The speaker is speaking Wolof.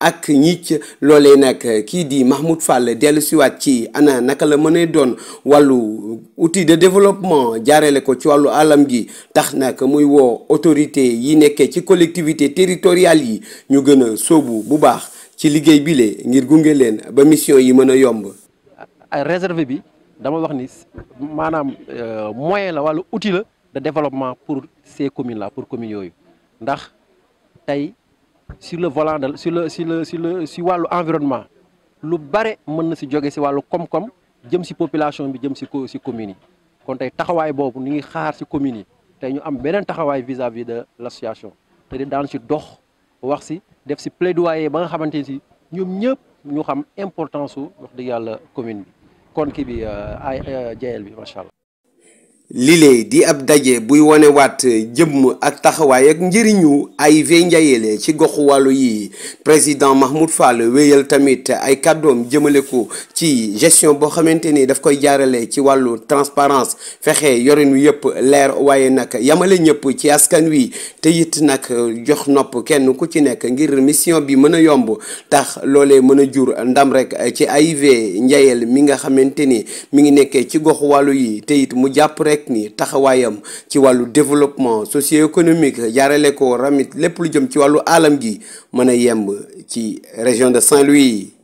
ak ñicc loolee nag kii di Mahmoud Fall dellu siwaat ci ana naka la mënee doon wàllu outil de développement jaareele ko ci wàllu alam gi tax nag muy woo autorité yi nekkee ci collectivité territoriale yi ñu gën a sóobu bu baax ci liggéey bile ngir gunge leen ba mission yi mën a yomb réserve bi dama wax ni maanaam euh, moyen la wàllu outil la de développement pour ces communes la pour communes yooyu ndax sur le volant de sur le sur le sur le si wàllu environnement lu bare mën na si jóge si wàllu koom-koom jëm si population bi jëm si si communes yi kon tey taxawaay boobu ni ngi xaar si commune. yi tey ñu am beneen taxawaay vis-à-vis de l'association te di daan si dox wax si def si plaidoyer ba nga xamante ni si ñoom ñëpp ñu xam importance su wax de yàlla commune bi kon kii bi euh, ay jayel euh, bi macha lile di ab daje buy wonewaat jëmm ak taxawaay ak njëriñu Hiv Ndiayele ci goxu wàllu yi président Mahmoud Fall wéyal tamit ay kàddoom jëmale ko ci gestion boo xamante ni daf koy jaarale ci wàllu transparence fexe yorin wi yëpp leer waaye nag yamale ñëpp ci askan wi te it nag jox nopp kenn ku ci nekk ngir mission bi mën a yomb tax loolee mën a jur ndam rek ci Hiv Ndiayele mi nga xamante ni mi ngi nekkee ci goxu wàllu yi te mu jàpp rek ni ci développement socio-économique ko ramit lepp lu jëm ci walu région de Saint-Louis